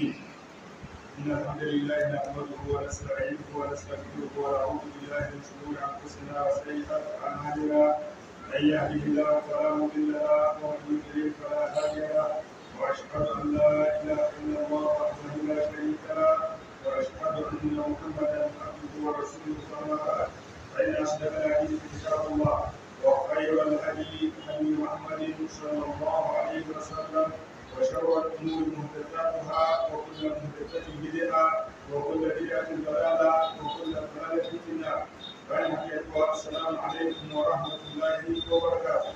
الرحيم إن الحمد لله نحمده ونستعينه ونستغفره ونعوذ بالله من شرور أنفسنا وسيئات أعمالنا من يهده الله فلا مضل له ومن يضلل فلا هادي له وأشهد أن لا إله إلا الله وحده لا شريك له وأشهد أن محمدا عبده ورسوله عليه وسلم. فإن أصدق الحديث كتاب الله وخير الهدي هدي محمد صلى الله عليه وسلم وشر الأمور محدثاتها وكل محدثة بدعة وكل بدعة ضلالة وكل ضلالة في النار السلام عليكم ورحمة الله وبركاته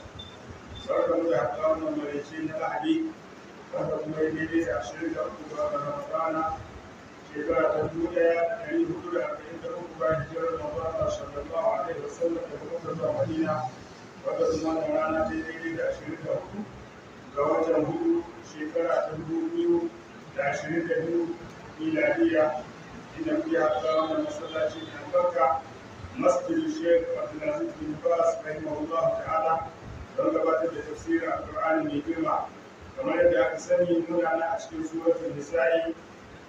barkan da haɗuwa na maraice na lahadi wanda kuma yi daidai da ashirin da uku ga ramadana shekara ta dubu ɗaya ɗari hudu da arba'in da uku bayan hijirar ramadana sallallahu alaihi wasallam daga da ashirin da ga watan hudu shekara ta dubu biyu da ashirin da biyu miladiya inda muke haɗuwa wannan masallaci da albarka masjidin shek abdulaziz bin bas rahimahullahu ta'ala don gabatar da tafsirin alƙur'ani mai girma kamar yadda aka sani muna nan a cikin suratul nisa'i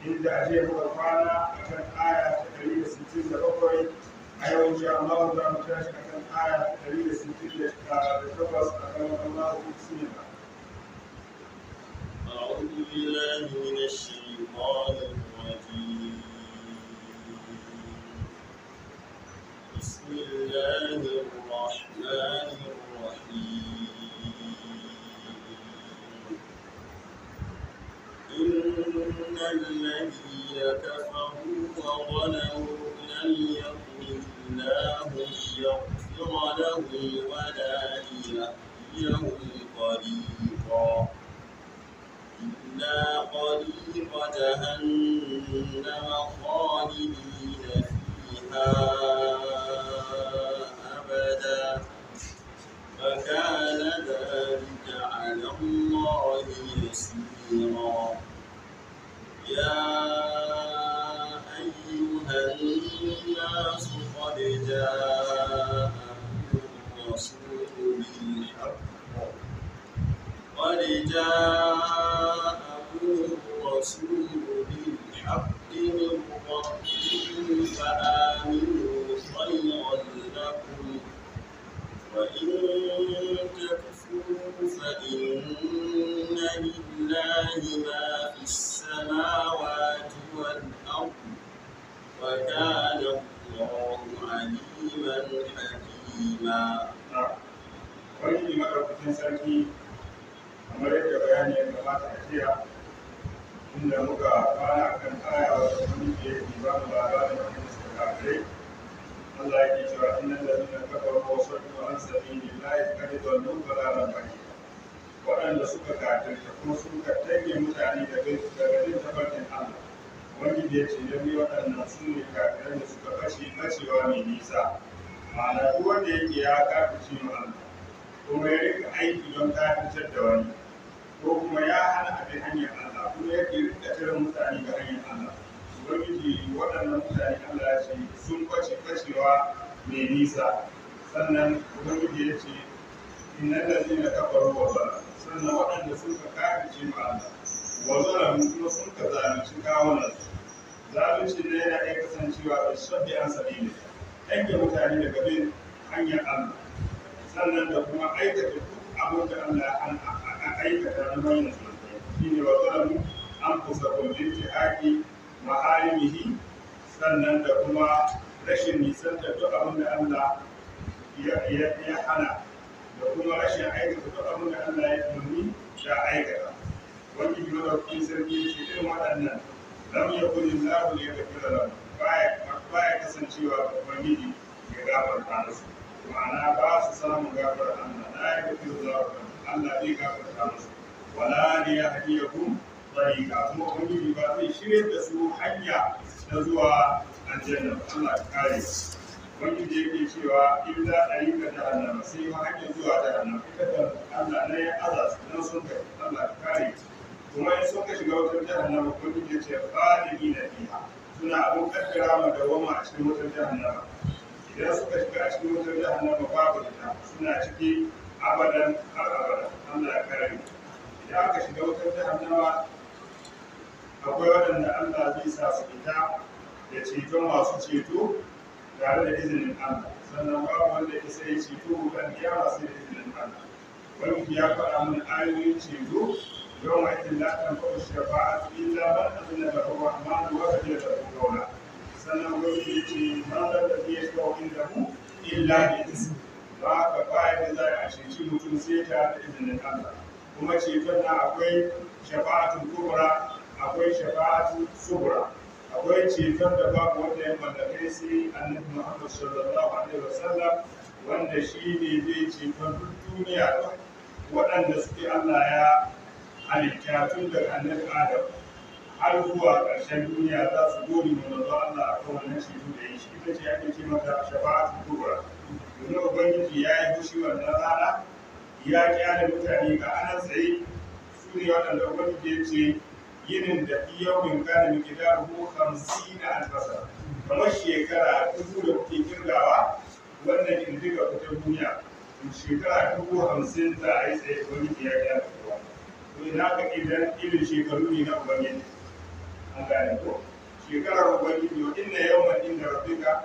inda a jiya muka kwana a kan aya ta ɗari da sittin da bakwai a yau insha Allah za mu tashi a kan aya ta ɗari da sittin da takwas a kan Allah ku sinima أعوذ بالله inda muka kwana kan aya wata wani da yake ba mu labarin wani da suka kafirai Allah yake cewa inna lalina kafaru wa saddu an sabili lahi kare dallu balalan bari waɗanda suka kafirta kuma suka tage mutane daga jin tabbacin Allah wani da ya ce lalle waɗannan su ne kafiran da suka kashe kacewa mai nisa ma'ana duk wanda yake ya kafirce mu Allah kuma ya rika aiki don kafirtar da wani ko kuma ya hana da hanyar Allah kuma ya yake rika kiran mutane ga hanyar Allah ubangiji waɗannan mutane Allah ya ce sun kwace kwacewa mai nisa sannan ubangiji ya ce innal ladina kafaru wa zalamu sannan waɗanda sun ka kafirce ma Allah wa zalamu kuma sun ka zalunci kawunan zalunci ne yana iya kasancewa da shabbi an sabili yanke mutane daga bin hanyar Allah sannan da kuma aikata duk abin da Allah ya hana a aikata na wannan shi ne wa an kusa kumbin tihaki maharimihi sannan da kuma rashin nisan da duk abin da Allah ya hana da kuma rashin aikata duk abin da Allah ya umarni ya aikata wani biyu da kuma sarki ce irin waɗannan lam ya kuni lahu ya kafira ba ya kasancewa ga miji ya gafarta musu ma'ana ba su samun gafara Allah na ya kafira lahu Allah zai gafarta musu wala ne ya hadiyahum tariqa kuma ubangiji ba zai shirya da su hanya na zuwa aljanna Allah ya kare su ubangiji yake cewa in za a illa tariqa jahannama sai yi hanyar zuwa jahannama ita da Allah ne ya aza su nan sun kai Allah ya kare kuma in sun ka shiga wutar jahannama ubangiji ya ce khalidina fiha suna abin kaddara ma da wama a cikin wutar jahannama idan suka shiga a cikin wutar jahannama babu ita suna ciki abadan har abadan Allah ya kare mu idan aka shiga wutar jahannama akwai waɗanda Allah zai sa su fita da ceton masu ceto tare da izinin Allah sannan babu wanda ke sai ceto kan kiyama sai da izinin Allah wani ya faɗa mun ayoyin ceto don ma idin la tan fa shafa'a illa man azna lahu rahman wa da lahu qawla sannan wani ya ce ma da ya shafa inda mu illa bi izini ba ka bayan da za a ceci mutum sai ta da izinin Allah kuma ceton na akwai shafa'atu kubra akwai shafa'atu subra akwai ceton da babu wanda ya mallake sai annabi Muhammad sallallahu alaihi wasallam wanda shi ne zai ceton duk duniya ba waɗanda suke Allah ya halitta tun daga annabi Adam har zuwa ƙarshen duniya za su gode wa manzo Allah akan wannan ceto da ya shi ita ce ake ce mata shafa'atu kubra domin ubangiji ya yi fushi wannan rana ya kyale mutane ga anan tsaye su ne waɗanda ubangiji ya ce yinin da yawmin kana miki da ruhu hamsin albasa kamar shekara dubu da kuke kirgawa wannan in indiga ta duniya shekara dubu hamsin za a yi tsaye ubangiji ya kyale kowa to ina ka idan irin shekaru ne na ubangiji an gane ko shekarar ubangiji wa inna yawman inda rabbika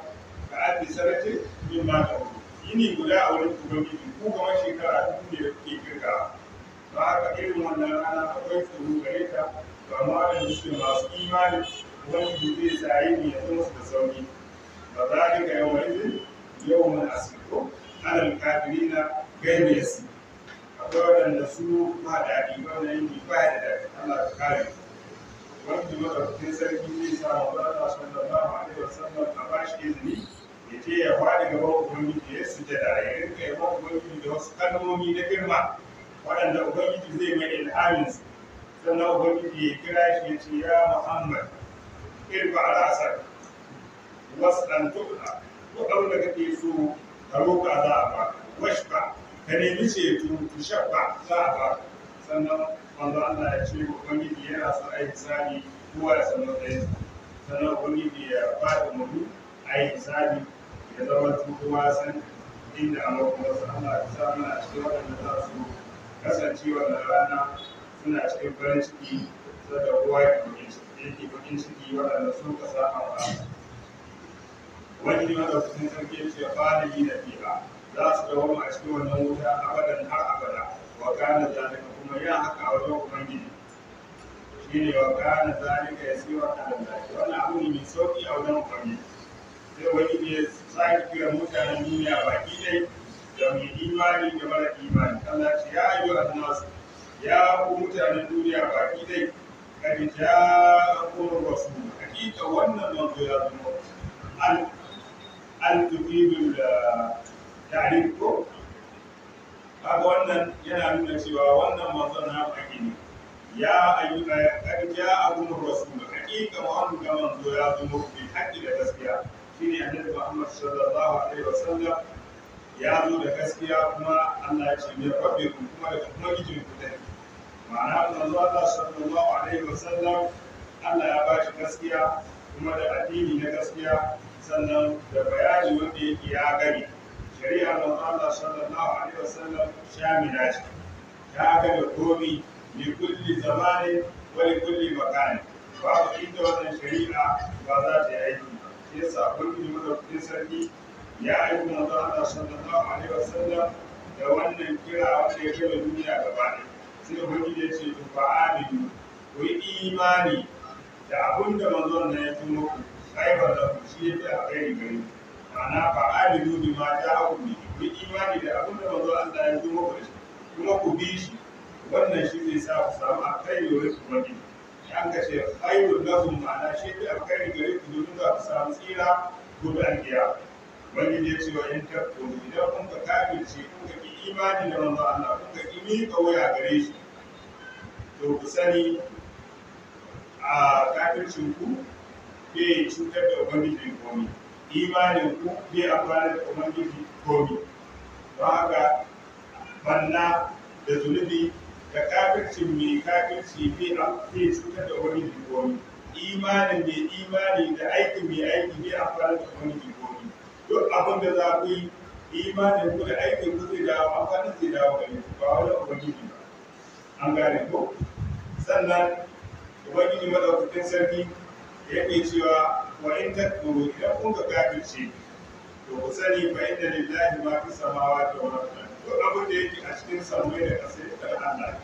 ka alfi sanatin min ma ta'udu yini guda a wurin ubangiji ko kamar shekara dubu da ke kirka ba haka irin wannan rana akwai tsoro gare ta ba ma da suke masu imani wani ubangiji zai tsaye ne ya zama su da sauri ba za a dinga yawan izin yau mun asirko alal na gaibe ya su akwai waɗanda su ba daɗi na yin ba ya da daɗi Allah da kare wani da madaukakin sarki zai sa wa ba ta sallallahu alaihi wasallam a ba bashi izini Yace ya wada gaba ubangiji ya sujada ya rinka yaba ubangiji da wasu kalmomi na girma waɗanda ubangiji zai mai ilhamin sannan ubangiji ya kira shi ya ce ya muhammad irba al'asar wasu ɗan tukuna ko abin ka ke so ka roƙa za a ba washba ka nemi ceto ku shabba za a ba sannan manzo Allah ya ce ubangiji yana son a yi hisabi kowa ya san matsayinsa sannan ubangiji ya ba da mutum a yi hisabi ya zama kowa san inda a makonsu Allah ya sa mana cikin waɗanda za su kasance wannan rana suna cikin farin ciki saboda kowa ya yake bakin ciki waɗanda sun ka saba ba wani madaukakin sarki ya ce falihi da fiha za su dawo a cikin wannan wuta abadan har abada wa kana zalika kuma ya haka a wajen ubangiji shine wa kana zalika yasira ala Allah wannan abu ne mai sauki a wajen ubangiji sai wani ne sake kira mutanen duniya baki dai da mai imani da mara imani Allah ce ya yi ayyu annasu ya ku mutanen duniya baki dai kad ja'akum rasul hakika wannan manzo ya zama an an da ta'rif ko kaga wannan yana nuna cewa wannan manzo na haƙi ne ya ayyuka kad ja'akum rasul hakika Muhammad manzo ya zo bil haqqi da gaskiya shine annabi Muhammad sallallahu alaihi wasallam ya zo da gaskiya kuma Allah ya ce ne rabbi ku kuma da kuma gijin ku dai ma'ana manzo Allah sallallahu alaihi wasallam Allah ya ba shi gaskiya kuma da addini na gaskiya sannan da bayani wanda yake ya gani shari'a manzo Allah sallallahu alaihi wasallam shamila ce ta gane komi li kulli zamani, wa kulli makani babu inda wannan shari'a ba za ta yi aiki shi yasa abin da madaukakin sarki ya aiki manzo Allah sallallahu alaihi wasallam da wannan kira wanda ya kai duniya gaba ɗaya sai wani ya ce ku fa aminu ku yi imani da abin da manzo nan ya tuno ku kaibar da ku shi ya yake a kai gari ma'ana fa aminu bi ma ja'aku bi ku yi imani da abin da manzo Allah ya tuno ku kuma ku bi shi wannan shi zai sa ku samu a kai yorin ku wani an ka ce khairul lakum ma'ana shi da alkhairi gare ku domin za ku samu tsira gobe alkiya ubangiji ya ce wa in tabtu idan kun ka kafirce kun ka ki imani da manzo Allah kun ka ki miƙa waya gare shi to ku sani a kafircin ku bai cutar da ubangiji komi imanin ku bai amfana da ubangiji komi don haka banna da zunubi da kafirci mai kafirci bai amfani cutar da wani jikomi imanin mai imani da aikin mai aiki bai amfani da wani jikomi duk abin da za ku yi imanin ku da aikin ku zai dawo amfani zai dawo gare ku ba wani ubangiji ba an gane ko sannan ubangiji madaukakin sarki yake cewa wa in tattu idan kun ga kafirci to ku sani fa inna lillahi ma fi samawa da wani duk abin da yake a cikin sammai da ƙasa ya tara Allah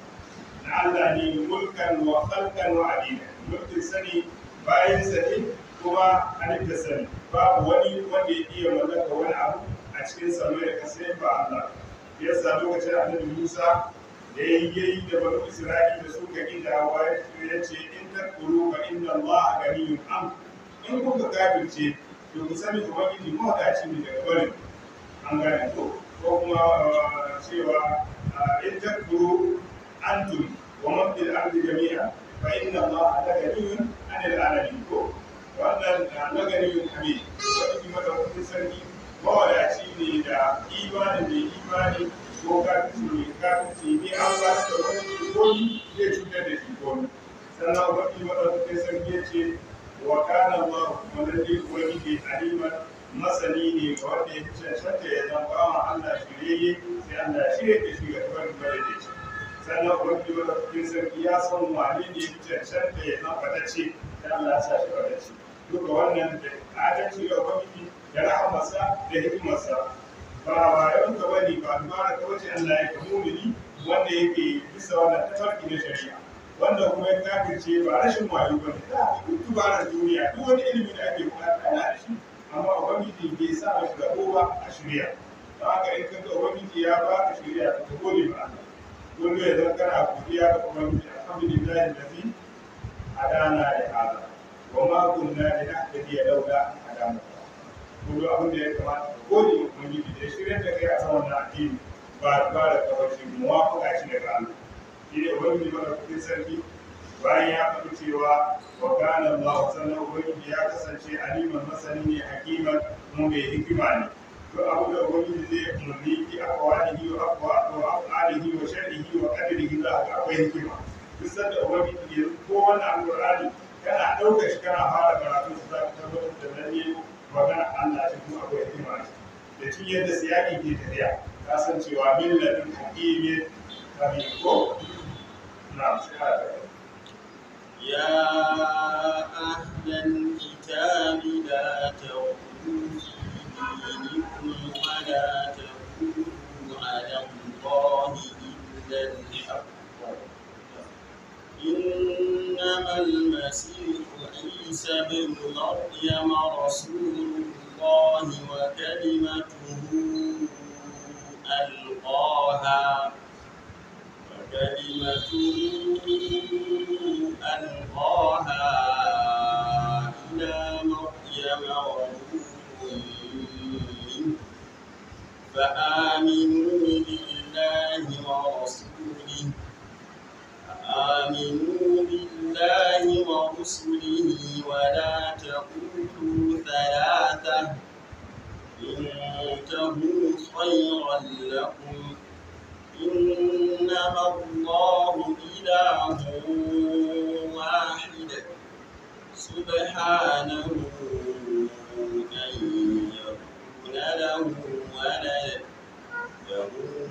na Allah ne mulkan wa khalqan wa adina mulkin sani bayan sani kuma halitta sani babu wani wanda ya iya mallaka wani abu a cikin sammai da ƙasa ya ba Allah yasa lokacin annabi Musa da ya yi da banu Isra'ila suka gida wa ya ce in takuru fa inna Allah ganiyun am in kuka kafirce to ku sani ubangiji mawadaci ne daga barin an gane to ko kuma eh, cewa eh, in takfuru antum wa man fil ardi jami'a fa inna allaha la ghaniyun 'anil 'alamin ko wannan eh, la ghaniyun hamid wani mata wani sarki mawadaci ne da imanin mai imani ko kafin mai kafin ne an ba shi da wani komi zai cutar da shi komi sannan wani mata wani sarki ya ce wa kana ma wani ne wani ne aliman masani ne ga wanda ya fi cancanta ya zan bawan Allah shirye sai Allah shirye da shi ga tabar da ya ce sannan wanda ya fi sarki ya san wani ne ya fi cancanta ya zan fadace sai Allah ya sa shi fadace duka wannan da adalci ga gwamnati da rahamarsa da hikimarsa ba wayon ka bani ba dubara da wace Allah ya kamo ni wanda yake bisa wannan tafarki na shari'a wanda kuma ya kafirce ba rashin wayo ne da duk dubarar duniya duk wani ilimi da ake bukata yana da shi amma ubangiji bai sa a shiga ba a shirya Ba ka in ka ga ubangiji ya ba ka shirya ka gode ba Allah ya zan kana godiya ga ubangiji alhamdulillahi a dana ya hada wa ma ya linahtadiya a an hadana kuma abin da ya kamata ka gode ga ubangiji da ya shirya da kai a saman na addini ba ba da kawai shi muwafaqa shi daga Allah shi ne ubangiji da kuɗin sarki bayan ya faɗi cewa wa kana Allah sannan ubangiji ya kasance aliman masani ne hakiman kuma mai hikima ne to abu da ubangiji zai umarni ki aqwalihi wa aqwalihi wa af'alihi wa shar'ihi wa qadrihi za ka akwai hikima duk sanda ubangiji ya ko wannan alqur'ani kana ɗauka shi kana fara karatu su za ka tabbatar da nan ne magana Allah shi kuma akwai hikima da cin yadda siyaƙi ke tafiya ka san cewa millatin hakimin kamin ko na sai يا أهل الكتاب لا تغلوا في دينكم ولا تقولوا على الله إلا الحق إنما المسيح عيسى بن مريم رسول الله وكلمته ألقاها كلمة ألقاها إلى مريم ورسول فآمنوا بالله ورسوله فآمنوا بالله ورسله ولا تقولوا ثلاثة انتهوا خيرا لكم إنما الله إله واحد سبحانه أن يكون له ولد له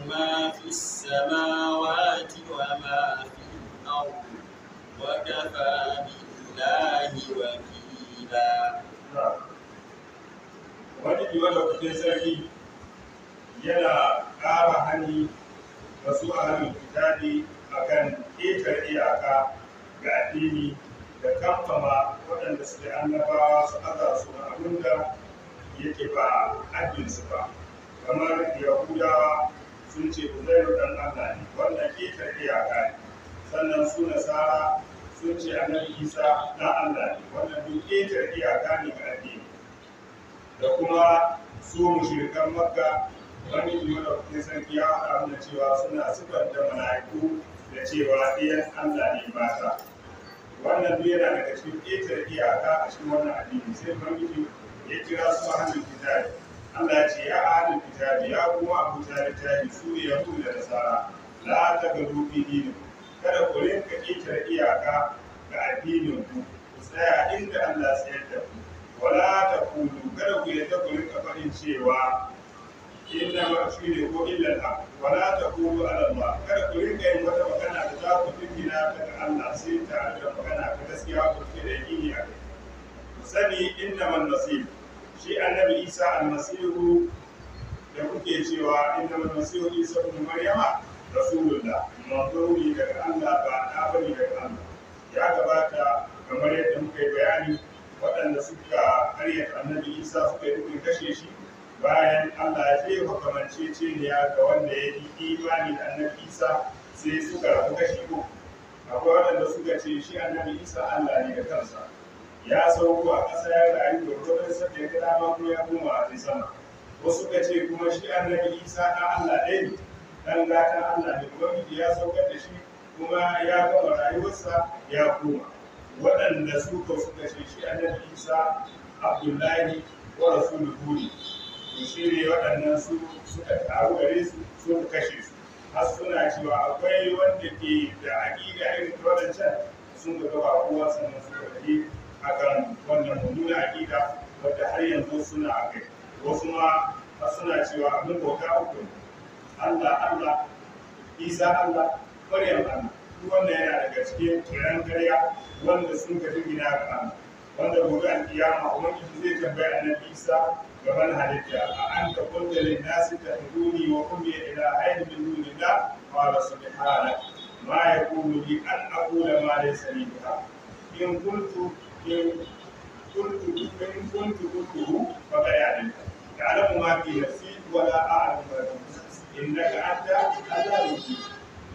ما في السماوات وما في الأرض وكفى بالله وكيلا wani biyu da kuke sarki yana ƙara hani wasu ahalin kitabi akan ƙetare iyaka ga addini da kamfama waɗanda suke annabawa su aza su na abin da yake ba addininsu ba kamar yahudawa sun ce ku uzairu dan allah ne wannan ƙetare iyaka ne sannan su nasara sun ce annabi isa na allah ne wannan duk ƙetare iyaka ne ga addini da kuma su mushrikan makka Wannan biyu da kuɗin sarki ya haɗa mana cewa suna sifanta mala'iku da cewa ɗiyan Allah ne mata wannan duk yana daga cikin ƙetare iyaka a cikin wannan addini sai ubangiji ya kira su ahlul kitabi Allah ce ya ahlul kitabi ya kuma abu yi su ya yahudu da nasara la ta garu fi dini kada ku rinka ƙetare iyaka ga addinin ku ku tsaya inda Allah tsayar da ku wala ta kulu kada ku yadda ku rinka faɗin cewa inna ma shi ne ko illa wala taqulu ala allah kada ku rinka yin wata magana da za ku dingina daga Allah sai tare da magana ta gaskiya ku da yini a kai sani innamal masih shi annabi isa almasihu da kuke cewa innamal masihu isa ibn maryama rasulullah manzo ne daga Allah ba na bane daga Allah ya gabata kamar yadda muka yi bayani waɗanda suka karyata annabi isa suka yi kashe shi bayan Allah ya ne ya ga wanda ya yi imani da annabi Isa sai suka rabu shi ko? akwai waɗanda suka ce shi annabi Isa Allah ne da kansa ya sauko a ƙasa ya rayu da wajen sabbi ya dama kuma ya koma a sai sama wasu suka ce kuma shi annabi Isa na Allah ɗaya ne ɗan gatan Allah ne ubangiji ya sauka da shi kuma ya gama rayuwarsa ya koma waɗanda suka suka ce shi annabi Isa Abdullahi wa rasuluhu to shi ne waɗannan su suka taru gare su suka kashe su har suna cewa akwai wanda ke da aƙida irin ta waɗancan sun ga gaba kowa sannan suka tafi akan wannan mummuna aƙida wadda har yanzu suna a kai wasu ma suna cewa abin bauta uku ne Allah Allah Isa Allah Maryam Allah duk wannan yana daga cikin turan ƙarya, wanda sun ka gina ga Allah wanda gobe alkiyama kifi zai tambaya annabi Isa gaban halitta a anka ka kunta linnasi ta duni wa ummi ila aini min dunillah qala subhanak ma yakunu li an aqula ma laysa li biha in kuntu in kuntu in kuntu kuntu fa qad ya'lamu ma fi nafsi wa la a'lamu ma fi nafsi innaka anta azalu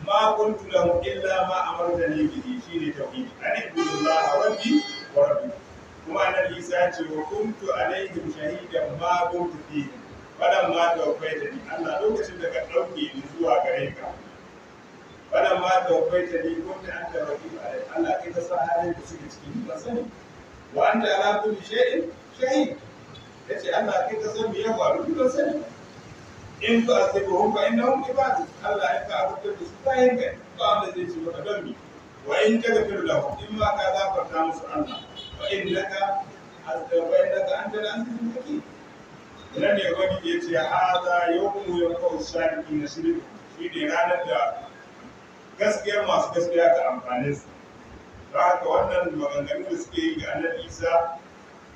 ma kuntu lahu illa ma amartani bihi shine tauhid an kuma annabi Isa ya ce wa kuntu alaihim shahidan ma kuntu fihi fadan ma ta ni Allah lokacin da ka dauke ni zuwa gare ka fadan ma tawfaita ni kuntu anta raqib alai Allah kai ka sa halin da suke cikin ba sani wa anta ala kulli shay'in shahid yace Allah kai ka san me ya faru duk sani in fa asibuhum fa innahum ibadu Allah ya ka abubuwa da su bayan kai ba wanda zai ce maka don mi wa in ka gafir lahum in ma ka zafarta musu Allah فإنك أتبينك أنت العزيز الحكيم nan ne wani ya ce haza yawmu yaqul sadiqin nasiru shine ranar da gaskiyar masu gaskiya ka amfani su don haka wannan maganganun da suke yi ga annabi Isa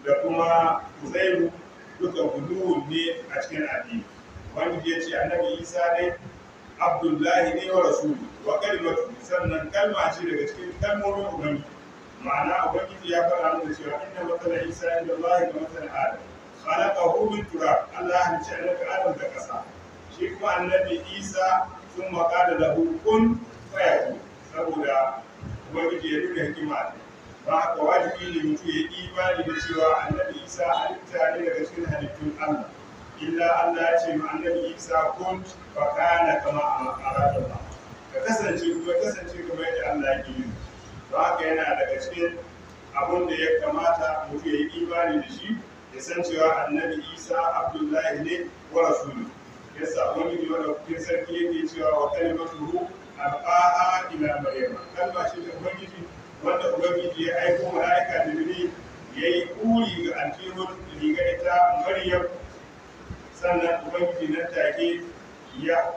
da kuma Zairu duka guduwun ne a cikin addini wani ya ce annabi Isa ne Abdullahi ne wa rasulu wa kalimatu sannan kalma ce daga cikin kalmomin Ubangiji ma'ana ubangiji ya faɗa mana cewa inna matsala isa ya inda Allah da matsala adam khalaqahu min turab Allah ya ce annabi adam da ƙasa shi kuma annabi isa sun maƙala da kun fayakun saboda ubangiji ya nuna hikima ne ba haka wajibi ne mutum ya yi imani da cewa annabi isa halitta ne daga cikin halittun allah illa allah ya ce ma annabi isa kun fa kana kama a makarata ba ka kasance kuma kasance kamar yadda allah ya yi don haka yana daga cikin abun da ya kamata mutum ya yi imani da shi ya san cewa annabi isa abdullahi ne wa rasulu yasa wani ne kuke sarki yake cewa wa kalimatuhu alqaha ila maryama kalma ce ta ubangiji wanda ubangiji ya aiko malaika ya yayi kuri ga antihud riga ita maryam sannan ubangiji nan take ya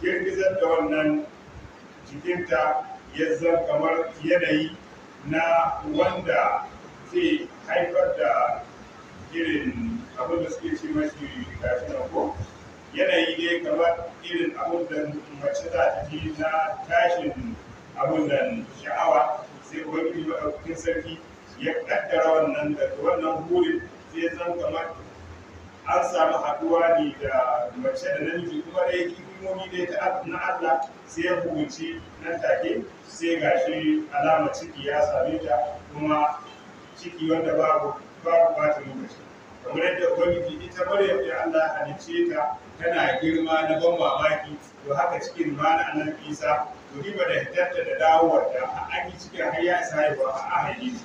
girgizar da wannan jikinta ya zan kamar yanayi na wanda zai haifar da irin abin da suke ce mashi kafin ko yanayi ne kamar irin abin da mace za ta ji na tashin abin da sha'awa sai ubangiji maɗaukakin sarki ya kaddara wannan da wannan burin sai zan kamar an samu haɗuwa ne da mace da namiji kuma da yake hikimomi da abu na Allah sai ya hukunci nan take sai ga shi alama ciki ya same ta kuma ciki wanda babu babu bata lokaci kamar yadda ubangiji ita maryam ya Allah halicce ta tana girma na ban mamaki to haka cikin rana Allah Isa to riba da hitarta da dawowar da a aiki cikin har ya isa haihuwa a ahali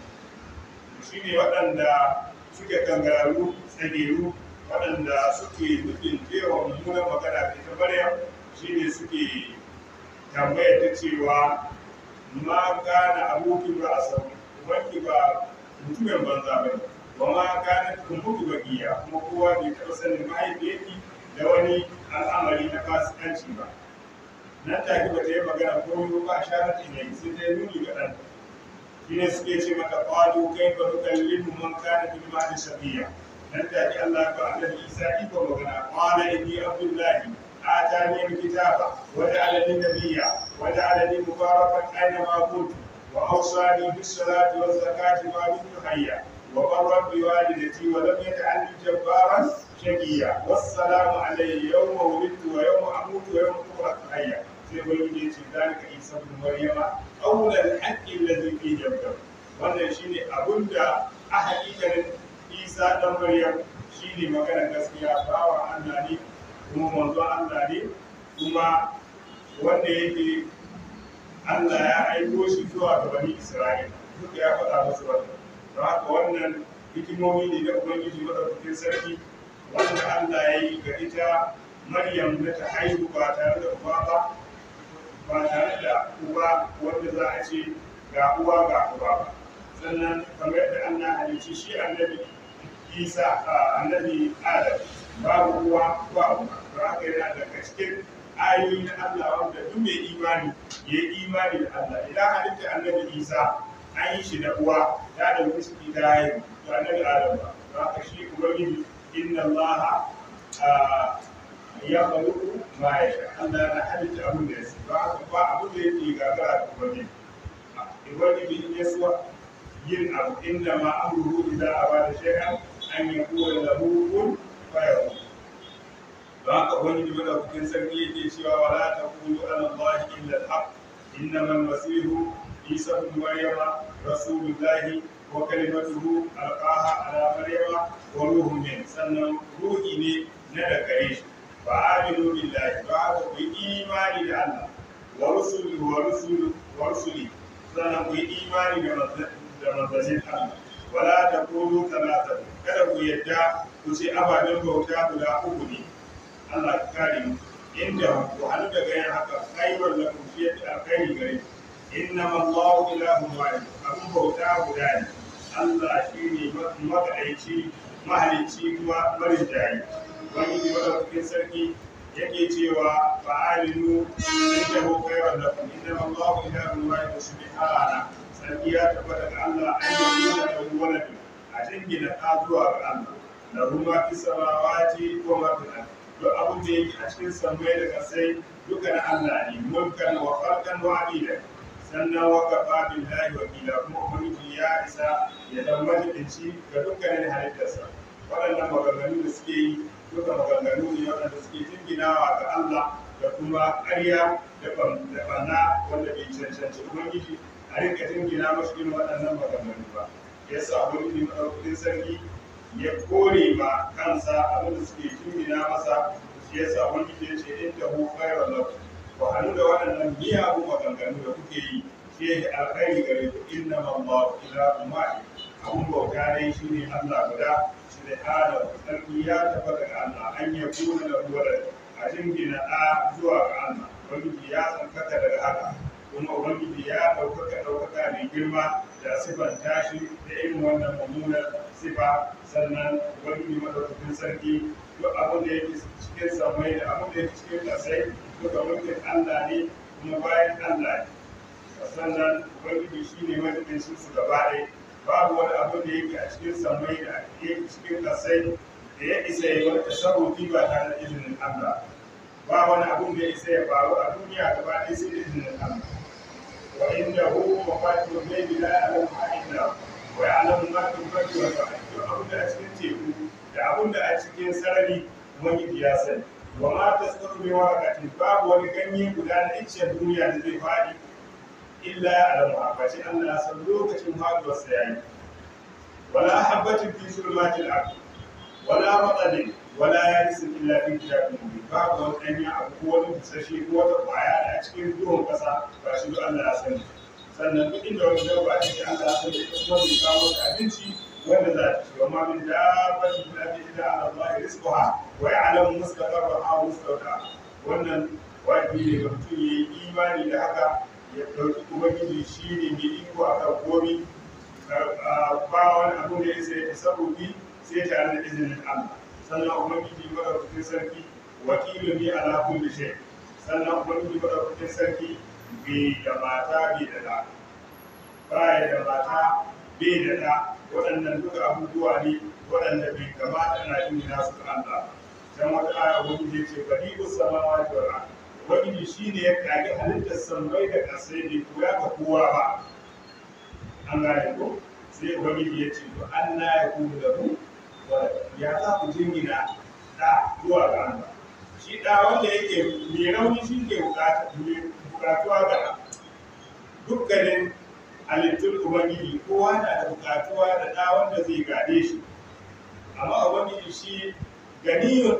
shi ne waɗanda suke kangararru tsageru waɗanda suke nufin cewa mummunan magana ta maryam shine suke tambaya ta cewa ma gane abokin ba a sauri wanki ba mutumin banza ba ba ma kana kumbuki ba giya kuma kowa bai taɓa sanin mahaifiyarki da wani al'amari na fasikanci ba nan ta ba ta yi magana ko yi ba a sharar ilai sai ta yi nuni ga ɗan shi ne suke ce mata ƙwado kai ba rukan limu man kana bin ma'adin shafiya nan da Allah ko annabi Isa iko magana qala inni abdullah atani alkitaba wa ja'ala li nabiyya wa ja'ala li mubarakan ayna ma kunt wa awsani bis salati wa zakati wa bi hayya wa qala bi walidati wa lam yata'alli jabbaran shaqiyya wa salamu alayhi yawma wulidtu wa yawma amutu wa yawma tubatu hayya sai wani ne ce da ka isa bin maryama aulal haqqi alladhi fi jabbar wannan shine abinda ahadi garin isa ɗan maryam shi ne magana gaskiya bawa allah ne kuma manzo allah ne kuma wanda yake allah ya aiko shi zuwa ga bani isra'ila duk ya faɗa musu wannan don haka wannan hikimomi ne na ubangiji maɗaukakin sarki wanda allah ya yi ga ita maryam na ta haihu ba tare da uba ba ba tare da uba wanda za a ce ga uwa ga uba ba sannan kamar yadda allah halicci shi annabi isa a annabi adam babu ruwa ba uba don haka yana daga cikin ayoyi na Allah wanda duk mai imani ya yi imani da Allah idan halitta annabi isa an yi shi da uwa ta da miski da ya to annabi adam ba don haka shi ubangiji inna Allah ya faru ma ya sha Allah na halitta abin da ya sa ba haka ba abin da ya ke gagara da ubangiji ubangiji in ya so yin abu inda ma amuru idan abada shay'an an yi kuwa lahukun fayawa don haka wani da madaukakin sarki yake cewa wa la ta kulu ala Allah illa al-haq innama al-masihu isa ibn maryama rasulullahi wa kalimatuhu alqaha ala maryama wa ruhun min sannan ruhi ne na da gare shi fa aminu billahi ba ku yi imani da Allah wa rusuli wa rusuli wa rusuli sannan ku yi imani da manzannin Allah wala ta kulu kana ta kada ku yadda ku ce ababen bauta guda uku ne Allah ka kare mu inda ku hannu daga yin haka kaiwar da kun fiye da alkhairi gare inna mallahu ilahun wahid abun bauta guda ne Allah shi ne makaɗaici mahalicci kuma marin jayi wani ne madaukakin sarki yake cewa fa'alinu inda ku kaiwar da kun inna mallahu ilahun wahid subhana sarki ya tabbata ga Allah ayyukan da wani a jingina ta zuwa ga Allah lahu ma fi samawati ko ma fi ardi abin da yake a cikin sammai da kasai duka na Allah ne mulkan wa farkan wa abida sannan wa kafa billahi wakila kuma ubangiji ya isa ya zama majalici ga dukkanin halittarsa waɗannan maganganu da suke yi duka maganganu ne waɗanda suke jinginawa ga Allah da kuma ƙarya da banna wanda bai cancanci ubangiji a rinka jingina masu irin waɗannan maganganu ba ya samu nufin ɗaukin sarki ya kore ma kansa abin da suke jimina masa shi ya sa wani ke ce in da hukai wallahu ko hannu da waɗannan miyagun maganganu da kuke yi shi ya ke alkhairi gare ku inna mallahu ilahu ma'i abun bauta dai shi ne Allah guda shi da sarki ya tafi daga Allah an ya kuna da ruwa a jingina a zuwa ga Allah wani ya tsankata daga haka kuma ubangiji ya ɗaukaka ɗaukaka mai girma da sifan tashi da irin wannan mummunar sifa sannan ubangiji madaukakin sarki duk abin da yake cikin samai da abin da yake cikin kasai duka mulkin allah ne kuma bayan allah ne sannan ubangiji shi ne madadin su su gaba ɗaya babu wani abin da yake a cikin samai da yake cikin kasai da ya isa ya wani tasarrufi ba tare da izinin allah ba wani abun da ya isa ya faru a duniya gaba ɗaya sai da izinin allah فإنه مفاتيح الغيب لا يعلمها إلا ويعلم ما تنفق وتعد أبو da تيكو da abun da a cikin sarari wani ya sani wa ma ta tsoro mai warakatin babu wani ganye guda na icciyar duniya da zai faɗi illa ya alamu face Allah ya lokacin faɗuwarsa ya yi wala wala ya yi illa fi kitabin mu babu wani ɗanya abu ko wani busasshe ko wata ƙwaya da a cikin duhun ƙasa ba shi duk Allah ya sani sannan duk inda wani dabba take Allah ya sani ita kuma bai kawo ta abinci wanda za ta ci amma min da ba shi da illa ala Allah rizquha wa ya'lamu mustaqarraha wa mustaqa wannan wajibi ne ga mutum ya yi imani da haka ya ɗauki ubangiji shi ne mai iko a kan komi ba wani abu da ya sai ta sabobi sai tare da izinin Allah sannan ubangiji madaukakin sarki wakilu ne ala kulli shay sannan ubangiji madaukakin sarki bai da mata bai da da baya da mata bai da da waɗannan duka abubuwa ne waɗanda bai kamata na yin nasu ga Allah dan wata aya ubangiji ya ce bari usama wa wani shi ne ya kage halittar sammai da ƙasai bai koya ga kowa ba an gane ko sai ubangiji ya ce to an na ya kuma da mu ya za ku jingina da zuwa ga shi da wanda yake mai rauni shi ke bukatuwa ga dukkanin halittun ubangiji kowa na da bukatuwa da da wanda zai gade shi amma ubangiji shi ganiyun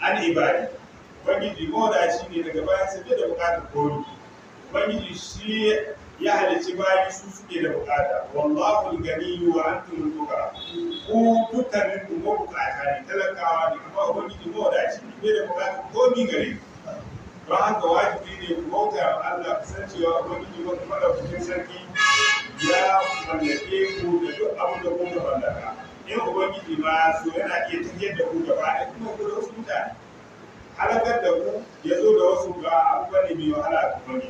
an ibadi ubangiji mawadaci ne daga bayan sai da bukatar kori ubangiji shi ya halici bayi su suke da bukata wallahu gani wa antum al-fuqara ku Ko ku mu bukata ne talakawa ne kuma ko da shi ne bai da bukata ko ni gare ba haka wajibi ne ku bauta wa Allah ku san cewa ni ko kuma da cikin sarki ya mallake ku da duk abin da kuka mallaka in ubangiji ba so yana iya tafiyar da ku ba da kuma ku da wasu mutane halakar da ku ya zo da wasu ba abu ne mai wahala ku ba.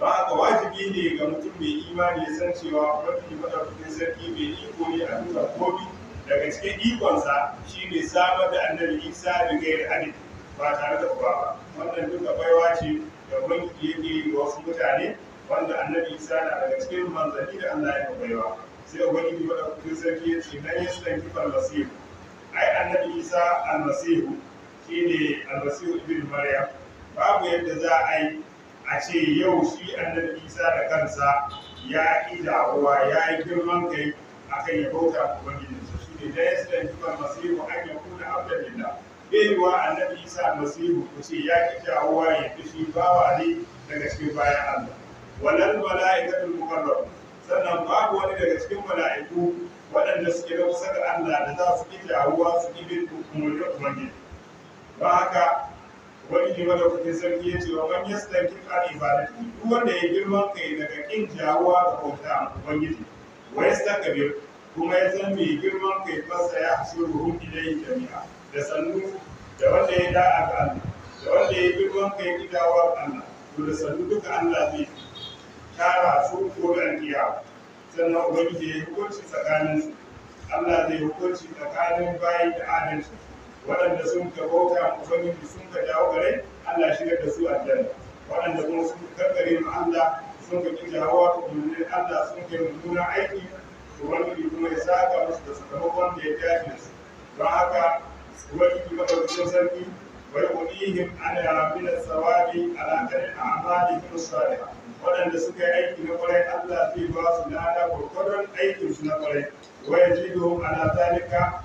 don haka wajibi ne ga mutum mai imani ya san cewa mafi matakin sarki mai iko ne a duka kobi daga cikin ikonsa shi ne samar da annabi isa da gayar hadin ba tare da uba ba wannan duka baiwa ce da ubangiji yake yi ga wasu mutane wanda annabi isa na daga cikin manzanni da allah ya baiwa sai ubangiji madaukakin sarki ya ce nan yi san kifar ai annabi isa almasihu ne almasihu ibn maryam babu yadda za a yi a ce yau shi annabi isa da kansa ya ƙi dawowa ya yi girman kai a kan ya bauta ubangijinsa shi ne da ya sila juma masihu an ya kuna abdallila baiwa annabi isa masihu ku ce ya ƙi dawowa ya fi shi bawa ne daga cikin bayan allah walal mala'ikatul mukarrab sannan babu wani daga cikin mala'iku waɗanda suke da kusa da allah da za su ƙi dawowa su ƙi bin umarnin ubangiji ba haka wani kuke sarki ya ce wa sarki kari ba da duk wanda ya girma kai daga kin jawuwa ga bauta ubangiji wani yastakbir kuma ya san mai girman kai fasa ya hasuruhum ilayhi jami'a da sannu da wanda ya da'a ga Allah da wanda ya girman kai gidawa ga Allah to da sannu duka Allah zai tara su ko da anbiya sannan ubangiji ya yi hukunci tsakanin Allah zai hukunci tsakanin bayan da adalci waɗanda sun ka bauta musamman sun ka dawo gare Allah shigar da su aljanna waɗanda kuma sun ka kankare mu Allah sun ka kinta hawa domin Allah sun ka mummuna aiki to wani kuma ya saka musu da sakamakon da ya dace da su don haka wani kuma da sun sarki wai ulihim ala min as-sawabi ala kadri a'malihim as-salihah waɗanda suka yi aiki na kwarai Allah zai ba su lada gurgurdan aikinsu na kwarai wa yajidu ala zalika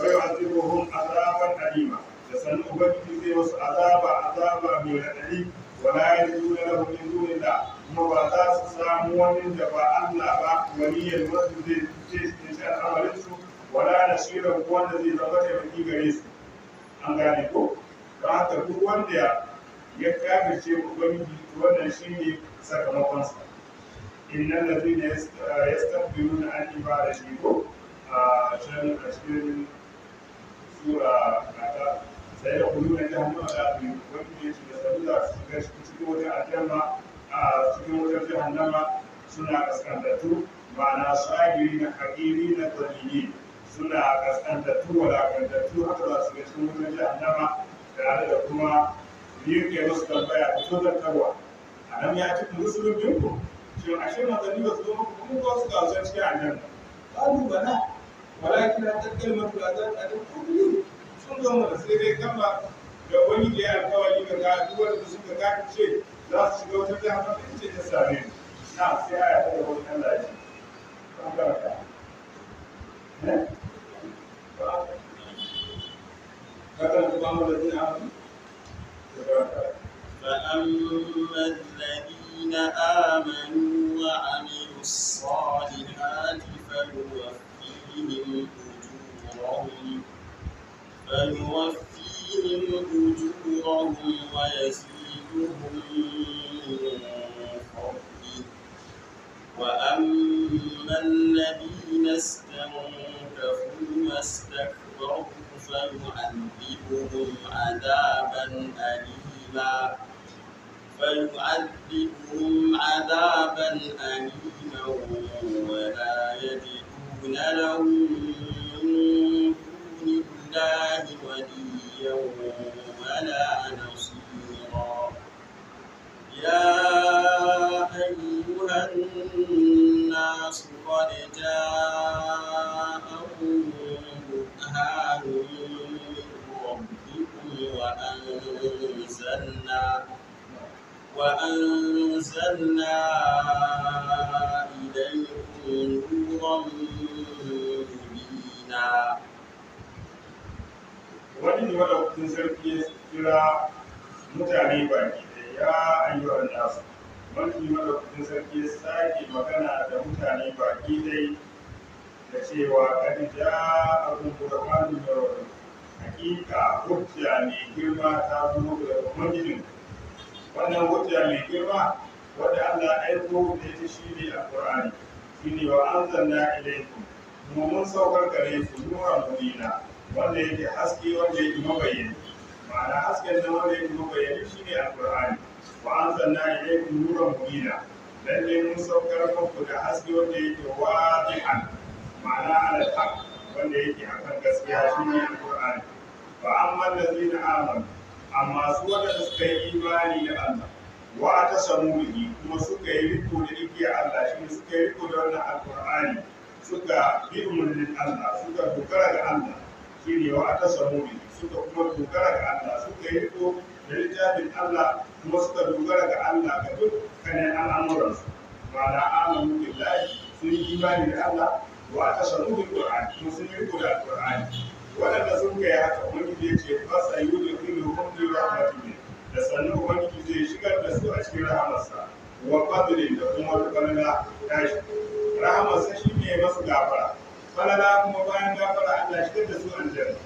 ويعذبهم عذابا أليما لسن أبكي عذاب عذابا من الأليم ولا يجدون له من دون الله kuma ba za su samu wani da ba Allah ba waliyan wanda zai ce su shi al'amarin su wala na shirin wanda zai zama taimaki gare su an gane ko don haka duk wanda ya kafirce ubangiji wannan shi ne sakamakonsa innan da zai ne ya shi tura kata sai da kullum ya jahannu a dafi wani ne su da sabila su ga cikin wajen aljanna a cikin wajen jahannama suna kaskantattu ma'ana sagiri na hakiri na dalili suna kaskantattu wadakantattu haka za su ga cikin wajen jahannama tare da kuma yake musu tambaya fito da tarwa a nan ya ci musulmin ku shin ashe manzanni ba su zo muku kuma ba su kawo cikin aljanna ba duba na walakin ta kalmar da za ta da kudi sun zo sai dai kalma da wani da ya alkawari ga ga duk wanda suka ga ce za su shiga wata jihar da ce ta same ni na sai aya ta da wani Allah ji kan barka eh? ne ba ka kan ba فأما الذين آمنوا فنوفيهم أجورهم ويزيدهم وأما الذين استنكفوا واستكبروا فيعذبهم عذابا أليما فيعذبهم عذابا أليما ولا يجدون لهم من دون الله وليا ولا نصيرا يا أيها الناس قد جاءكم برهان من ربكم وأنزلنا وأنزلنا إليكم نورا مبينا wani ne madaukakin sarki ya kira mutane baki da ya ayyuan nasu wani ne madaukakin sarki ya sake magana da mutane baki dai da cewa kadi ja abin burhanin da wani hakika hujja mai girma ta zo da ubangijin wannan hujja mai girma wadda Allah ya aiko da ita shi ne alqur'ani shine wa anzalna ilaykum mu mun saukar gare ku nuran mubina wanda yake haske wanda yake mabayyani ma'ana hasken nan wanda yake mabayyani shine alqur'ani wa ya yi kuluran mubina lalle mun saukar muku da haske wanda yake wadihan ma'ana ala haq wanda yake akan gaskiya ne shine alqur'ani fa amma allazina amanu amma su wanda suka yi imani da Allah wa ta samu bihi kuma suka yi riko da igiya Allah shi ne suka yi riko da wannan alqur'ani suka bi umarnin Allah suka dogara ga Allah kirewa a tasa mumi suka kuma dogara ga Allah suka yi ko da littafin Allah kuma suka dogara ga Allah ga dukkanin al'amuransu ba na amanu billahi sun yi imani da Allah wa tasa mumi Qur'ani kuma sun yi ko da Qur'ani waɗanda sun kai haka wani ya ce ba sa yi da kullu hukumar rahmatullahi da sannan ubangiji zai shigar da su a cikin rahamarsa wa Fadilin da kuma tukalala tashi rahamarsa shi ne masu gafara falala kuma bayan gafara Allah shi da su aljanna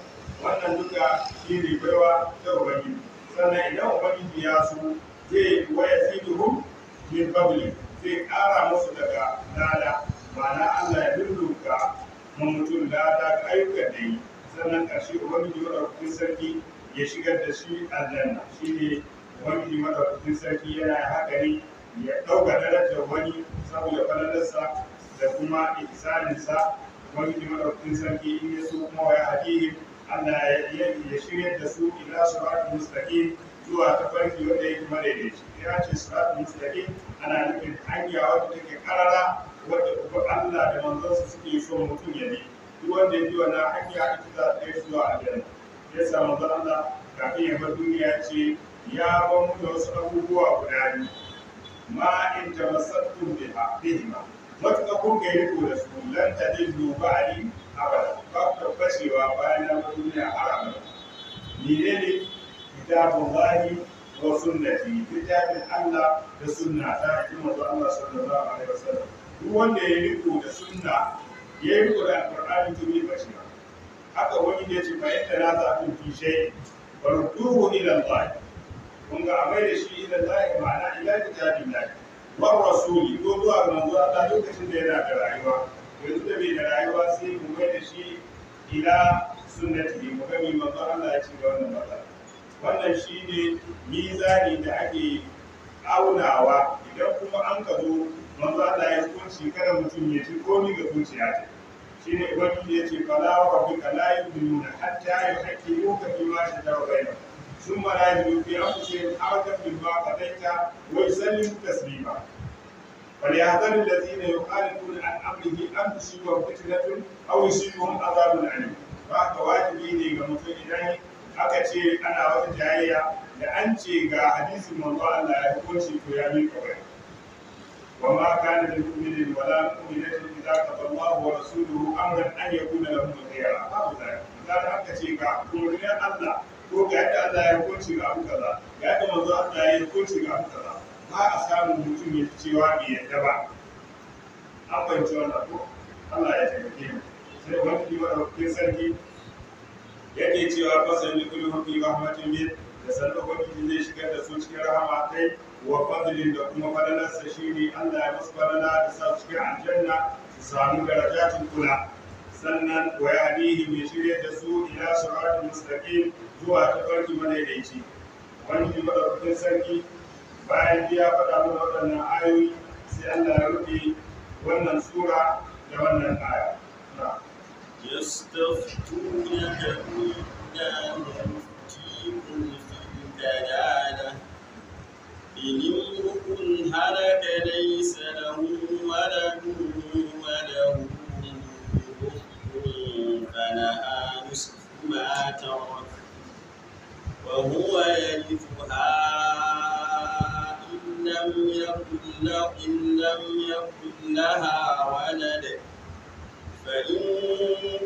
wannan duka shi ne baiwa ta ubangiji sannan idan ubangiji ya so zai waya ziduhum min qabli zai ƙara musu daga lada ma'ana Allah ya lullunka mun mutum lada ga ayyukan da yi sannan ƙarshe ubangiji madaukakin sarki ya shigar da shi aljanna shi ne ubangiji madaukakin sarki yana haka ne ya ɗauka darajar wani saboda falalarsa da kuma ihsaninsa wani madaukakin sarki in ya so kuma ya hadihim Allah ya shirya da su ila suratul mustaqim zuwa tafarki wanda yake madaidaici ya ce suratul mustaqim ana nufin hanya wadda take karara wadda uba Allah da manzansa suke so mutum ya bi duk wanda ya bi wannan hanya ita za ta kai zuwa aljanna ya sa manzon Allah kafin ya bar duniya ce ya ban mu da wasu abubuwa guda biyu ma in tamassattum biha bihima matuƙa kun ga riko da su lan ta dillu ba'ali abada ba ku tabbacewa bayan na duniya har abada ni ne ne kitabullahi wa sunnati kitabin Allah da sunna ta cikin manzo Allah sallallahu alaihi wasallam duk wanda ya riko da sunna ya yi riko da alqur'ani to bai bace ba haka wani ne ce fa yadda na za ku fi shay wa rutuhu ila Allah kun ga amai da shi ila Allah ma'ana ila kitabillahi war rasuli ko zuwa ga manzo Allah lokacin da yana da rayuwa yanzu da bai da rayuwa sai mu mai da shi ila sunnati mu ga mai manzo Allah ya ce ga wannan matsala wannan shine mizani da ake aunawa idan kuma an ka zo manzo Allah ya kunci kada mutum ya ci komai ga zuciya ta shine ubangiji ya ce fala wa rabbika la yu'minuna hatta yuhaqqimuka bima shajara bainahum ثم لا يجدوا في انفسهم حرجا مما قضيت ويسلموا تسليما فليحذر الذين يخالفون عن امره ان تصيبهم فتنه او يصيبهم عذاب اليم فهذا واجبي ne ga mutum idan aka ce ana wata jayayya da an ce ga hadisin manzo Allah ya hukunci to ya mi kawai وما كان لمؤمن ولا مؤمنة إذا قضى الله ورسوله أمرا أن يكون لهم الخيار هذا ذلك إذا أنت شيء قول الله ko ga yadda Allah ya hukunci ga abu kaza ga yadda manzo Allah ya ga abu kaza ba a samu mutum ya cewa bai yadda ba an fahimci wannan ko Allah ya taimake mu sai mafi wadaukin sarki yake cewa fasal kuma kullu hukmi rahmatin min da sallu hukmi zai shigar da su cikin rahama kai wa fadlin da kuma fadalarsa ne, Allah ya musu fadala da sa cikin aljanna su samu darajatin kula sannan wa yahdihi mai shirya da su ila siratul mustaqim zuwa ta tafarki madaidaici wani madaukakin sarki bayan ya faɗa mana waɗannan ayoyi sai Allah ya rufe wannan sura da wannan aya يستفتونك كنا نفتيكم في الدلالة إن امرؤ هلك ليس له ولد وله أخت فلها نصف ما ترك وهو يرث إن لم يكن لها ولد فإن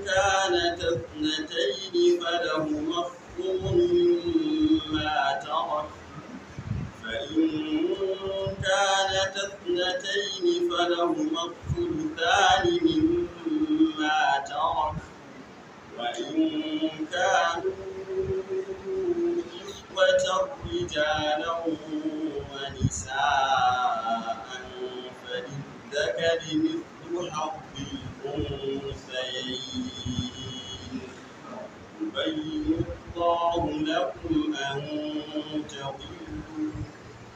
كانت اثنتين فلهما الثمن مما ترك فإن كانت اثنتين فلهما الثلثان مما ترك وإن كانوا إخوة رجالا ونساء للذكر مثل حظ الأنثيين يبين الله لكم أن تضلوا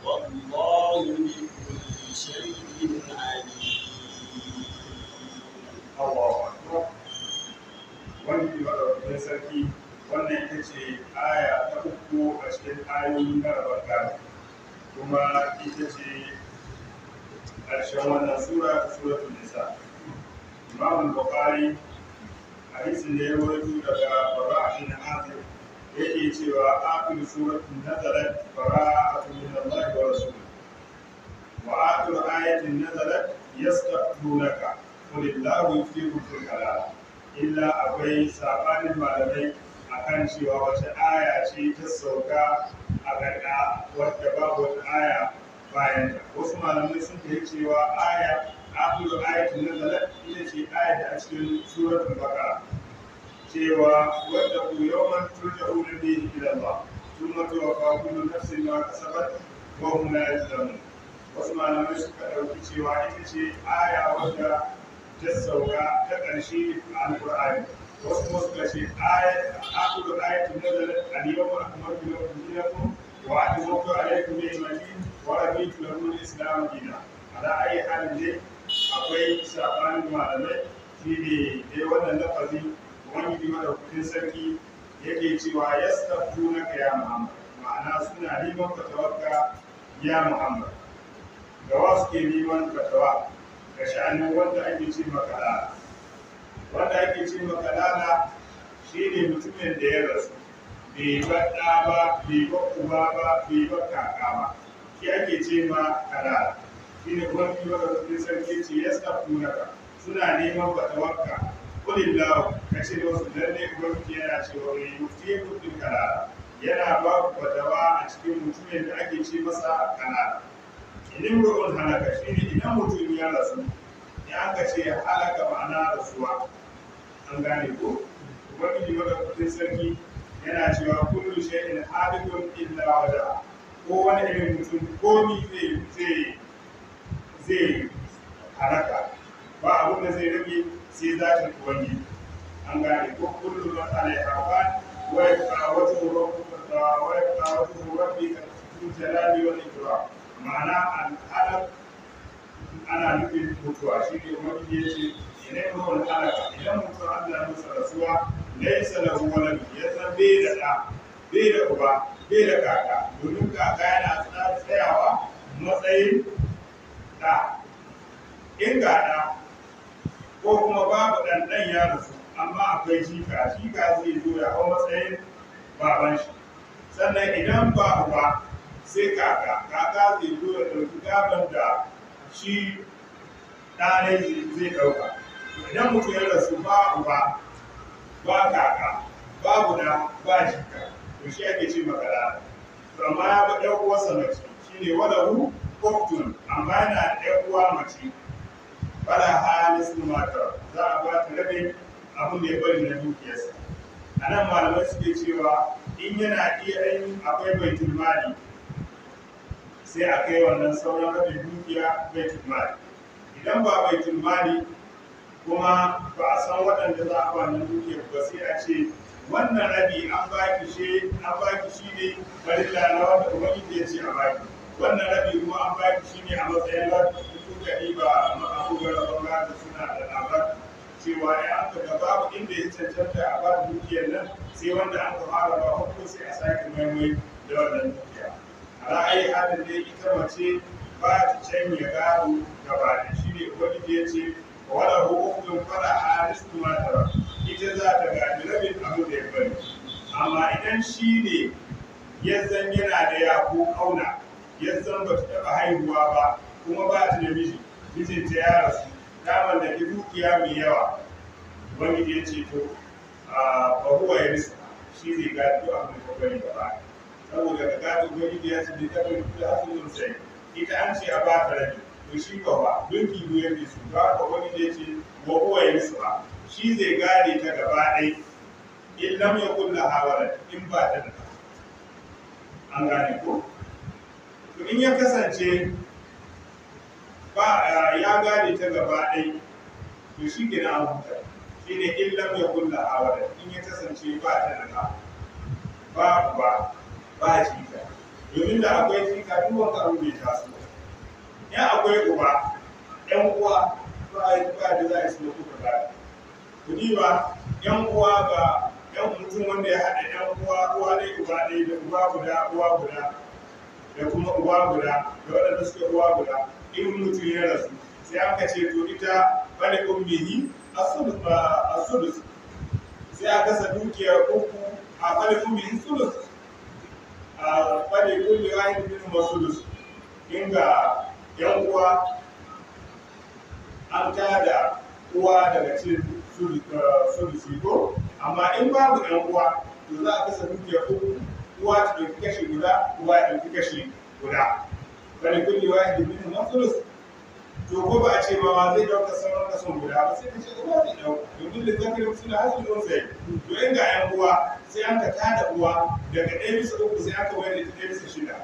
والله بكل شيء عليم الله أكبر wani madaukakin sarki wannan ita ce aya ta uku a cikin ayoyi na rabar kuma ita ce ƙarshen wannan sura ta suratul nisa imam bukhari hadisin da ya rawaito daga bara bin azib yake cewa akhir suratul nazalat bara'atu min Allah wa rasul wa akhir ayatin nazalat yastaqbulaka qulillahu yuftiku fil halal illa akwai sabanin malamai a kan cewa wace aya ce ta sauka a gada wadda babu wata aya bayan wasu malamai sun ta cewa aya akhiru ayatin nazalat ita ce aya da a cikin suratul baqara cewa wanda ku yawman turja'u bihi ila Allah thumma tuwaffa kullu nafsin ma kasabat wa hum la yuzlamun wasu malamai suka ɗauki cewa ita ce aya wanda ta sauka ta ƙarshe a alƙur'ani wasu kuma suka ce ayat akhiru ayatin nazalat al-yawma akmaltu lakum dinakum wa atmamtu alaykum ni'mati warabi tularun islam dina ala ayi halin ne, akwai sabanin malamai shi ne dai wannan lafazi wani bi madaukakin sarki yake cewa ya yastaftunaka ya muhammad ma'ana suna neman fatawarka ya muhammad gawa suke neman fatawa ga sha'anin wanda ake ce makalala wanda ake ce makalala shi ne mutumin da ya rasu bai ba ɗa ba bai ba uba ba bai ba kaka ba shi ake ce ma kara shi ne kuma fi maka kudin sarki ce ya suna ka suna neman fatawarka kulin lawo ka ce da wasu lalle gwamnati yana cewa ne eh, mufti kudin kara yana ba ku fatawa a cikin mutumin da ake ce masa kara idan rukun halaka shi ne idan mutum ya rasu ya aka ce halaka ma'ana rasuwa an gane ko wani maka kudin sarki yana cewa kullum kullu shay'in hadithun illa wada'a ko wani irin mutum komi zai zai zai haraka ba abin da zai rage sai za zatin ubangiji an gane ko kullum wata na Wai man alaiha wa wa yaqawatu rabbuka wa yaqawatu rabbika min jalali wani ikram ma'ana al alaq ana nufin mutuwa shi ne wani ya ce ne ruwan alaq idan mutum Allah ya musa rasuwa laysa lahu walad ya zambe da da bai da uba bai da kaka domin kaka yana tsayawa matsayin da in gada ko kuma babu ɗanɗan ya rasu amma akwai jika jika zai zo ya hau matsayin baban shi sannan idan ba uba sai kaka kaka zai zo ya ɗauki gaban da shi ɗanai zai ɗauka idan mutum ya rasu ba uba ba kaka babu da ba jika to shi ake ce magana. to amma ya ba uwarsa mace shine walahu uktun amma yana ɗan uwa mace fala halis matar za a ba ta abin da ya bari na dukiyarsa a nan malamai suke cewa in yana iya yin akwai baitul mali sai a kai wannan sauran rabin dukiya baitul mali idan ba baitul mali kuma ba a san waɗanda za a ba na dukiyar ba sai a ce wannan rabi an baki shi an baki shi ne farilla na wanda kuma ya ce a baki wannan rabi kuma an baki shi ne a matsayin rabi kuka ɗiba ma'abugar bangar da suna da labar cewa ya aka ga babu inda ya cancanta a ba dukiyar nan sai wanda an fara ba hukku sai a sake maimai da wannan dukiya a ra'ayi halin da ita mace ba ta canya gado gaba da shi ne ubangiji ya ce wala hukukun fara a hadisu ma tara ita za ta gaji rabin abu da ya bari amma idan shi ne ya zan yana da ya ko kauna ya zan ba ta taɓa haihuwa ba kuma ba ta da miji mijinta ya rasu ta mallaki dukiya mai yawa wani ya ce to a bahuwa ya risa shi zai gadi duk abin da bari ba saboda ka gadi wani ya ce bai taɓa da asusun sai ita an ce a ba ta rabi to shi ba ba dunki ne ya fi su ba ka wani ya ce bahuwa huwa ya risa shi zai gane ta gaba ɗai in lam ya kulla hawarar in ba ta da an gane ko to in ya kasance ya gane ta gaba ɗai to shi gina an huta shi ne in lam ya kulla hawarar in ya kasance ba ta da ba ba ba ta domin da akwai jika duk wanda abu bai taso ya akwai uba yan uwa ba da za a yi su da kuka gane kudi yan uwa ga yan mutum wanda ya haɗa yan uwa uwa ɗaya uwa ɗaya da uwa guda uwa guda da kuma uwa guda da waɗanda suke uwa guda in mutum ya rasu sai aka ce to ita bane ummihi asudus sai aka sa dukiyar uku a bane ummihi sulus a bane kulli wahid min masudus inga yan uwa an tada uwa daga cikin sulusi eh, ko amma in babu 'yan uwa to za a kasa dukiya uku uwa ta ɗauki kashi guda uwa ya ɗauki kashi guda bari kulli wa yadda min nan sulus to ko ba a ce ba zai ɗauka sauran kason guda ba sai ka ce uwa zai ɗauka domin da littattafin suna hasu don sai to in ga 'yan uwa sai an ka tada uwa daga ɗaya bisa uku sai aka wayar da ɗaya bisa shida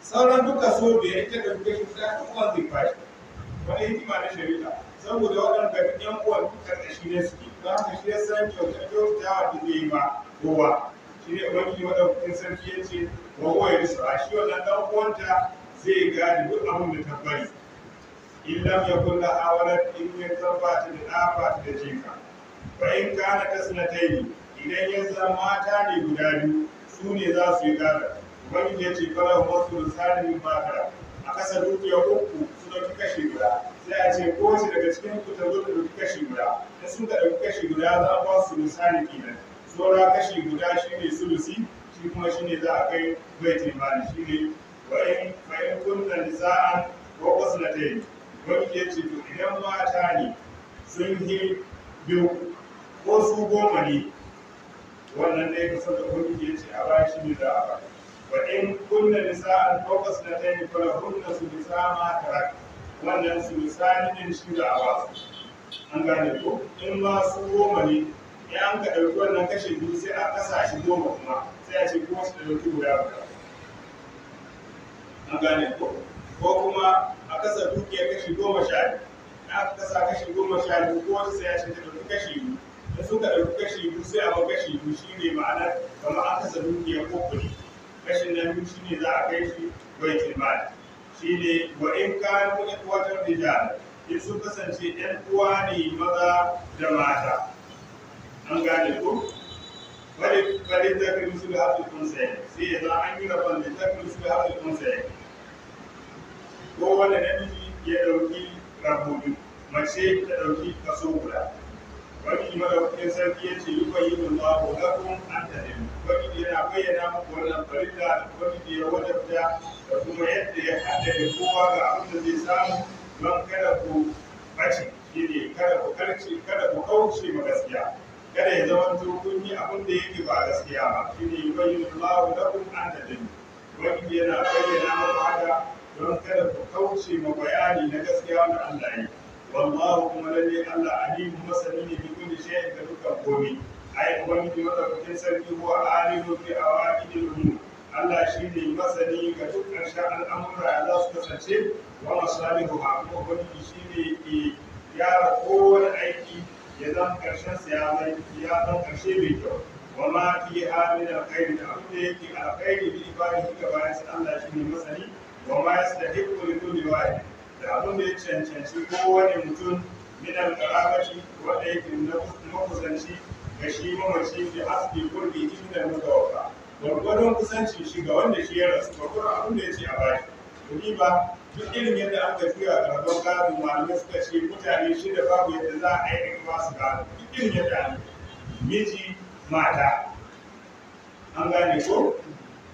sauran duka so biyar ita ɗauki kashi guda ta uwa zai fashi wani hikima na shari'a saboda waɗanda duk uwan uwan da shi ne suke za haka shi ya san kyauta kyautawa da zai yi ma kowa shi ne waɗanda maɗaukakin sarki ya ce wa huwa A shi wannan ɗan uwanta zai gane duk abin da ta bari in ya yakun laha walad in ya tabbata da ɗa ba da jika fa in ta yi. idan ya zama mata ne guda biyu su ne za su yi gada ubangiji ya ce fara wasu misalin bakara a kasa dukiya uku suna ɗauki kashe guda ce kowace daga cikin kuta ta zo kashi guda da sun da ɗauki kashi guda za a ba su misali kenan saura kashi guda shi ne sulusi shi kuma shi ne za a kai baitin taimani shi ne wa'in fa'in kunna nisa'an ta yi wani ke ce to idan mata ne sun yi biyu ko su goma ne wannan dai kusan da wani ke ce a bayan shi ne za a ba wa'in kunna nisa'an ta yi fa kunna su ta tarakta wannan sulisani din shi da awa an gane ko in ma su goma ne ya an ka ɗauki wannan kashe biyu sai a kasa shi goma kuma sai a ce ko su ɗauki guda guda an gane ko ko kuma a kasa dukiya kashe goma sha biyu aka kasa kashe goma sha biyu ko wani sai a ce ta ɗauki kashe biyu da suka ɗauki kashe biyu sai a ba kashe biyu shi ne ma'ana kamar an kasa dukiya ko kuɗi kashin nan biyu shi ne za a kai shi bai tilmali shine wa in kanu ikwatan rijal in sun kasance ɗan uwa ne maza da mata an gane ku bari bari ta kai musu da hafi konsai sai ya za an yi rabon da ta kai musu da hafi konsai ko wanda namiji ya ɗauki rabobi mace ta ɗauki kaso guda wani madaukakin sarki ya ce yuwa yi mun lawo lakum antalim wani yana bayyana muku wannan farilla da wani ya wadabta da kuma yadda ya haddade kowa ga abin da zai samu don kada ku bace shine kada ku karce kada ku kauce ma gaskiya kada ya zama to kun yi abin da yake ba gaskiya ba shine yuwa yi mun lawo lakum antalim wani yana bayyana muku haka don kada ku kauce ma bayani na gaskiya wanda Allah ya yi wallahu kuma lalle Allah alimu masani ne duk wani shi ga dukkan komai ai ubangiji madaukakin sarki ko alimu bi awaidil umur Allah shi ne masani ga duk ƙarshen al'amura za su kasance wa masalihu ha kuma ubangiji shi ne ke gyara aiki ya zan ƙarshen sa ya zan ya zan ƙarshe mai kyau wama fi amin alkhairi da abin da Allah shi ne masani da abin da ya cancanci kowane mutum min minan karabati wanda yake makusanci ga shi mamaci da asibi kurbi inda mutawaka gwargwadon kusanci shi ga wanda shi ya rasu gwargwadon abin da ya ce a bashi ni ba duk irin yadda an ka juya a karɓar gado malamai suka ce mutane shi da babu yadda za a aika ba gado duk irin yadda an miji mata an gane ko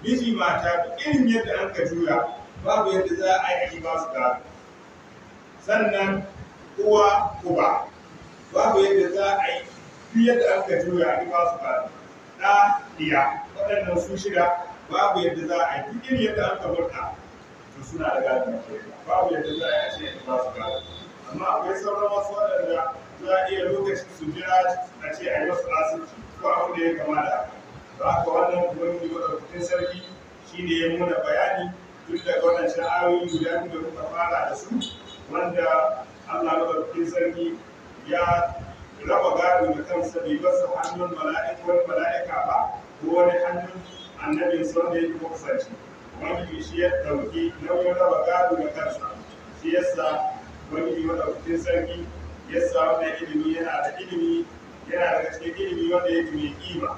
miji mata duk irin yadda an ka juya babu yadda za a aika ba su gado sannan kowa ba, ba babu yadda za a yi duk yadda aka juya a ba su ba da diya waɗannan su shida babu yadda za a yi duk irin yadda aka murta to suna da Ba babu yadda za a yi a ce ba su ba amma akwai sauran wasu waɗanda za a iya lokacin su jira a ce a yi wasu asibiti ko a da ya kama da ba haka wannan ubangiji maɗaukakin sarki shi ne ya nuna bayani duk da waɗancan ayoyi guda biyu da kuka fara da su wanda Allah madaukakin sarki ya raba gado da kansa bai basa hannun mala'ikar mala'ika ba ko wani hannun annabin wanda yake kusanci wani shi ya dauki nauyin raba gado da kansa shi yasa wani madaukakin sarki yasa wannan ilimi yana da ilimi yana daga cikin ilimi wanda yake mai kima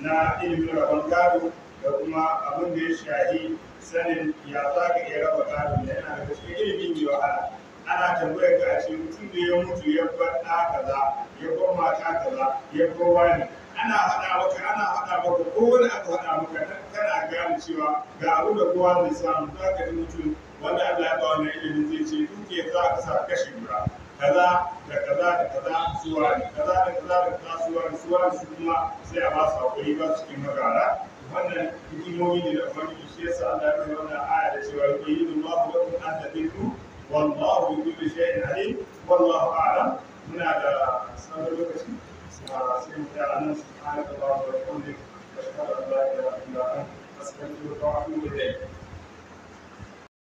na ilimin rabon gado da kuma abin da ya shahi sanin ya za ka iya raba gadon da yana da cikin ilimin mai wahala ana tambayar ka ce mutum da ya mutu ya bar ɗa kaza ya bar mata kaza ya bar wani ana haɗa maka ana haɗa maka ko wani aka haɗa maka kana gane cewa ga abu da kowa zai samu za ka ji mutum wanda Allah ya ba wannan ilimin zai ce duke za ka sa kashi guda kaza da kaza da kaza suwa ne kaza da kaza da kaza suwa ne suwa ne su kuma sai a ba su hakuri ba su cikin magara wannan hikimomi ne da ubangiji shi yasa Allah ya rubuta wannan aya da cewa yuridu Allahu lakum an tadillu wallahu bi kulli shay'in alim wallahu a'lam muna da sanar lokaci sai mu ta anan subhanallahi wa bihamdihi ashhadu an la ilaha illa anta astaghfiruka wa atubu ilayk